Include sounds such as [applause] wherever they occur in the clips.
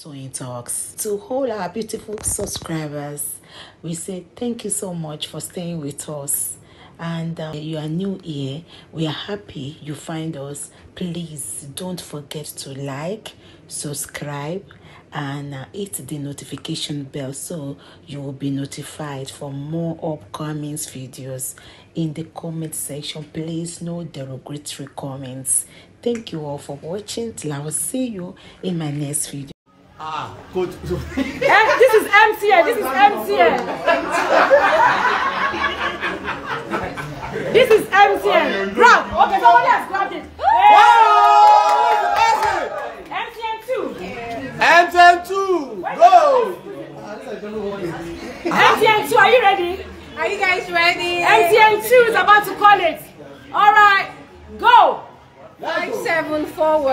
Toyeen Talks. To all our beautiful subscribers, we say thank you so much for staying with us. And uh, you are new here. We are happy you find us. Please don't forget to like, subscribe, and uh, hit the notification bell so you will be notified for more upcoming videos in the comment section please no derogatory comments thank you all for watching till i will see you in my next video Ah, coach. [laughs] this is MCI. This is MCI. this is MCI. Grab. Okay, somebody else grab.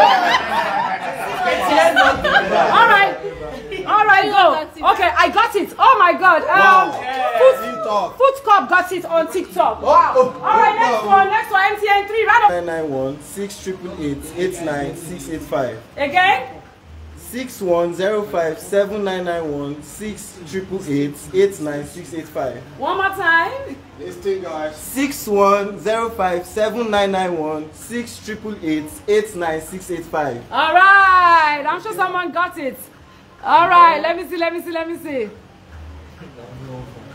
all right all right go okay i got it oh my god um foot foot cop got it on tiktok oh, oh, wow all right oh, next one next one mtn three round of. nine nine one six triple eight eight nine six eight five. again six one zero five seven nine nine one six triple eight eight nine six eight five. one more time. Let's listing guys. six one zero five seven nine nine one six triple eight eight nine six eight five. all right i'm sure someone got it all right let me see let me see let me see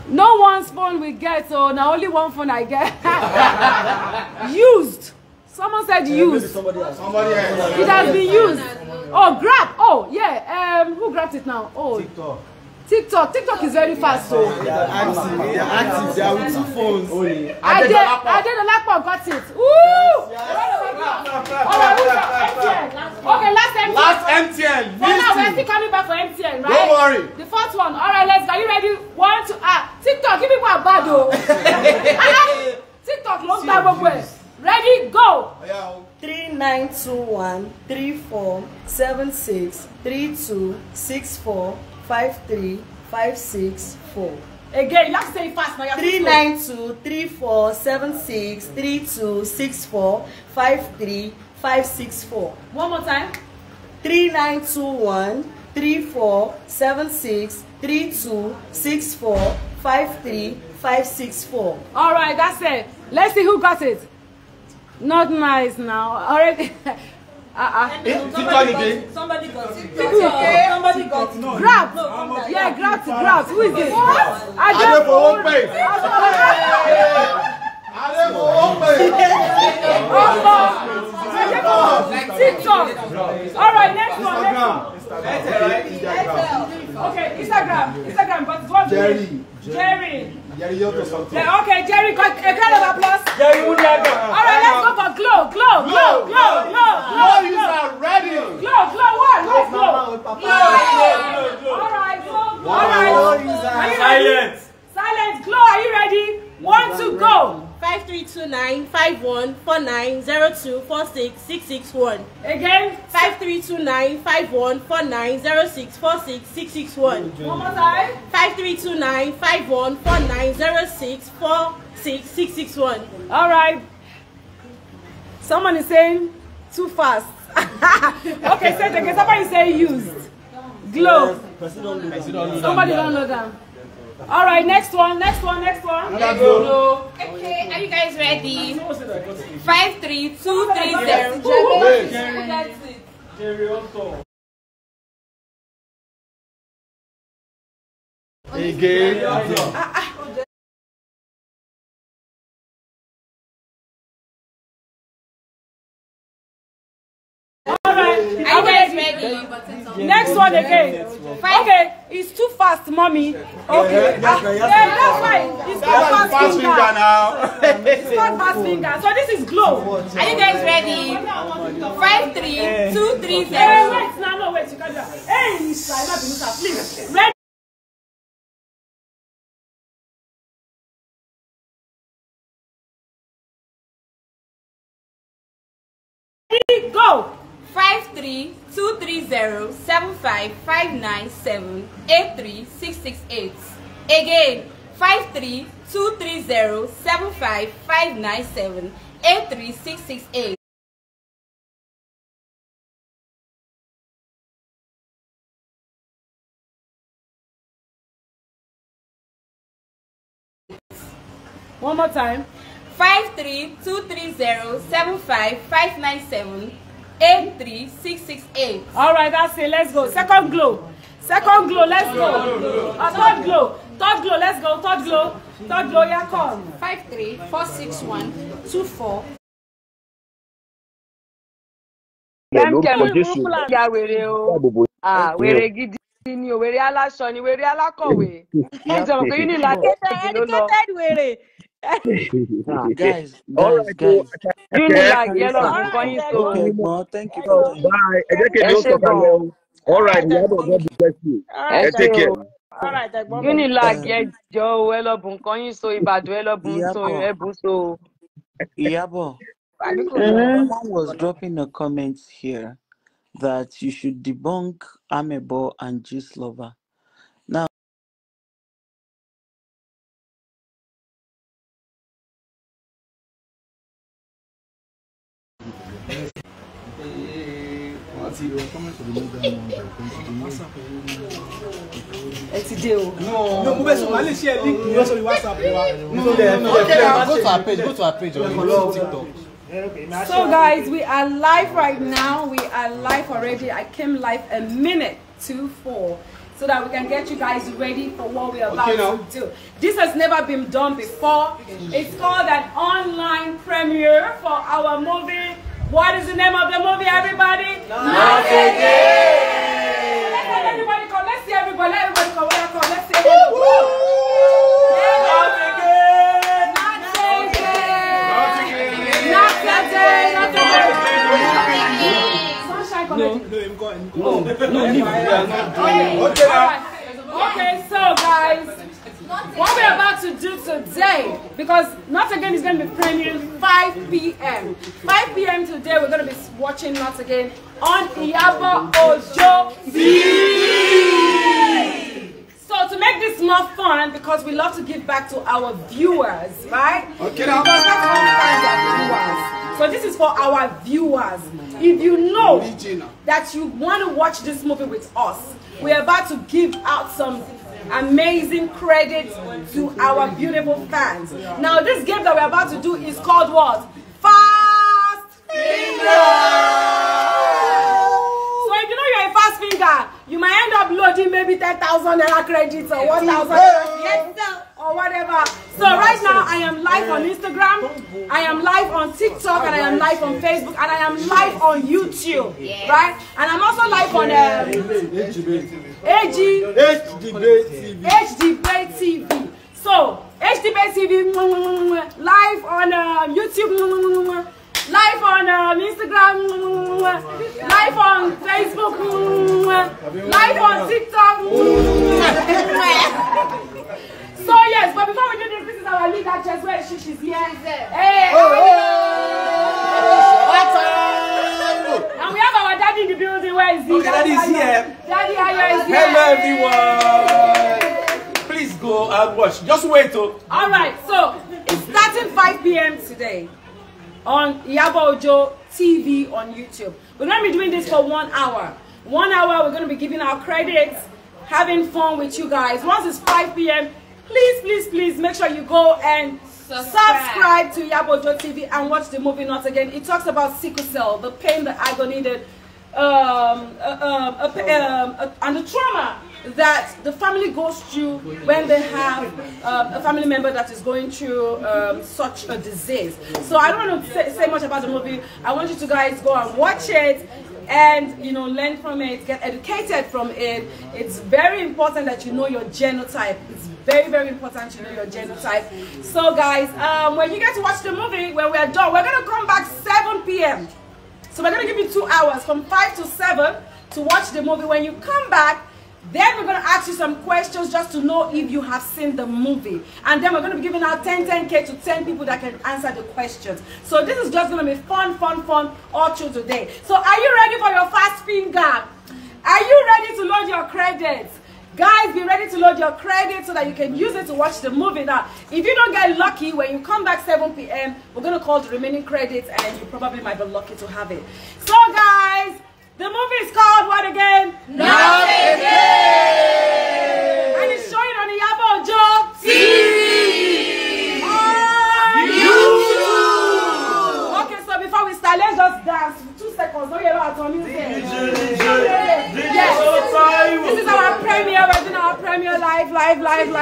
no one's phone we get so now only one phone i get [laughs] used. Someone said use. Somebody else. Somebody else. It has been used. Oh, grab. Oh, yeah. Um, who grabbed it now? Oh. TikTok. TikTok. TikTok is very fast, so. Oh. They are active. They are active. They are with two phones. I I did. did the Adeolapo got it. Woo! Okay, last MTN. Last MTN. For now, we're still coming back for MTN, right? Don't worry. The fourth one. All right, let's Are you ready? One, two, ah. TikTok, give me one bad, though. Oh. [laughs] Ah, TikTok, Long time gba gbogbo ready go. three nine two one three four seven six three two six four five three five six four. Again, you have to say it fast now. You have three nine two three four seven six three two six four five three five six four. One more time. Three nine two one three four seven six three two six four five three five six four. All right, that's it. Let's see who got it. Not nice now. Already. Uh-uh. [laughs] Eh, somebody got somebody got somebody got no, grab no, yeah grab to grab who is this what Adefo Ope Adefo Ope Opo TikTok all right next one next one okay Instagram Instagram but what Jerry Jerry Jerry, you're the something. Yeah, okay, Jerry, a round of applause. Jerry, yeah, All right, let's go for glow, glow, glow, glow, glow, glow. Glow, you are ready. Glow, glow, what? Let's go. Glow, glow, glow. All right, glow, glow. All right. Silence. Silence, glow, are you ready? One, two, go five three two nine five one four nine zero two four six six six one. again five three two nine five one four nine zero six four six six six one. one more time. five three two nine five one four nine zero six four six six six one. all right someone is saying too fast [laughs] okay say it again somebody say used glow somebody don't know them. All right, next one, next one, next one. Let's go. Okay, are you guys ready? Five, three, two, three, zero. That's it. Again. Alright, are you guys ready? Next one again. okay. It's too fast, mommy. Okay. Yeah, yes, uh, yes, yeah, that's why. It's not fast, finger. now. it's not fast finger. So this is glow. Are you guys ready? Five, three, two, three, zero. Hey, wait, now, no, wait, you can't do that. Hey, please. Ready. Zero seven five five nine seven eight three six six eight. Again, 532307559783668. One more time. five three two three zero seven five five nine seven. eight three six six eight. all right that's it let's go second glow second glow let's go or uh, third glow third glow let's go third glow third glow yeah come. five three four six one two four. kẹ́mi rúfúlà ya wèrè o ah, wèrè gidi ni o wèrè [laughs] nah, guys, [laughs] all guys, right, guys. Okay, well, thank you. So, bye. All right, we have a God bless you. Take care. gịnị la gị jọ owó ẹlọbù nǹkan yín so ìbàdàn ẹlọbù so ẹbù so. Iyabo, someone was dropping a comment here that you should debunk Amebo and Juice Lover. sọ guys, we are live right now. We are live already. I came live a minute to four so that we can get you guys ready for what we're about okay, to do. This has never been done before. It's called an online premiere for our movie What is the name of the movie, everybody? Not again. Let's everybody come. Let's see everybody. Let everybody come. Let's see everybody. Woo -woo. Not again. Not again. Not again. Not again. Not again. Sunshine Comedy. Oh. No, no, no, no. Okay, okay, so guys. what we're about to do today, because Not Again is going to be premiering 5 p.m. 5 p.m. today, we're going to be watching Not Again on Iyabo Ojo TV. So to make this more fun, because we love to give back to our viewers, right? Okay, because that's how we find our viewers. So this is for our viewers. If you know that you want to watch this movie with us, we're about to give out some amazing credit to our beautiful fans. Now, this game that we're about to do is called what? Fast Finger! So if you know you're a fast finger, you might end up loading maybe 10,000 naira credits or 1,000 naira. or whatever. So right now I am live on Instagram, I am live on TikTok, and I am live on Facebook, and I am live on YouTube, right? And I'm also live on um, AG, HDB TV. So HDB TV live on um, YouTube live on um, Instagram, live on Facebook, live on TikTok. she, she's here. She's Hey, oh, oh, oh. And we have our daddy in the building. Where is he? Okay, daddy, is here. Daddy, Ayo is here. Hello, everyone. Please go and watch. Just wait. Oh. All right, so it's starting 5 p.m. today on Yabojo Ojo TV on YouTube. We're going to be doing this for one hour. One hour, we're going to be giving our credits, having fun with you guys. Once it's 5 p.m., please, please, please make sure you go and subscribe, subscribe to Yabojo TV and watch the movie Not Again. It talks about sickle cell, the pain, the agony that, um, uh, uh, um, um and the trauma that the family goes through when they have uh, a family member that is going through um, such a disease. So I don't want to say, say much about the movie. I want you to guys go and watch it and you know learn from it get educated from it it's very important that you know your genotype it's very, very important to know your genotype. So guys, um, when you get to watch the movie, when we're done, we're going to come back 7 p.m. So we're going to give you two hours from 5 to 7 to watch the movie. When you come back, then we're going to ask you some questions just to know if you have seen the movie. And then we're going to be giving out 10, 10K to 10 people that can answer the questions. So this is just going to be fun, fun, fun all through today. So are you ready for your fast finger? Are you ready to load your credits? Guys, be ready to load your credit so that you can use it to watch the movie. Now, if you don't get lucky, when you come back 7 p.m., we're going to call the remaining credits and you probably might be lucky to have it. So, guys, the movie is called what again? Not Again!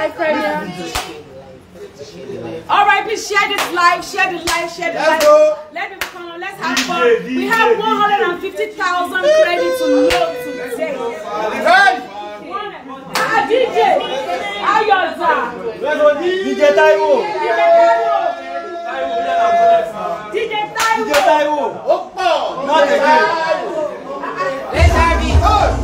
live premiere. All right, please share this life, share this life, share this life. Let people come on, let's have fun. We have 150,000 ready to load today. Ah, DJ! Ayoza! DJ Taiwo! DJ Taiwo! DJ Taiwo! Not again! Let's have it!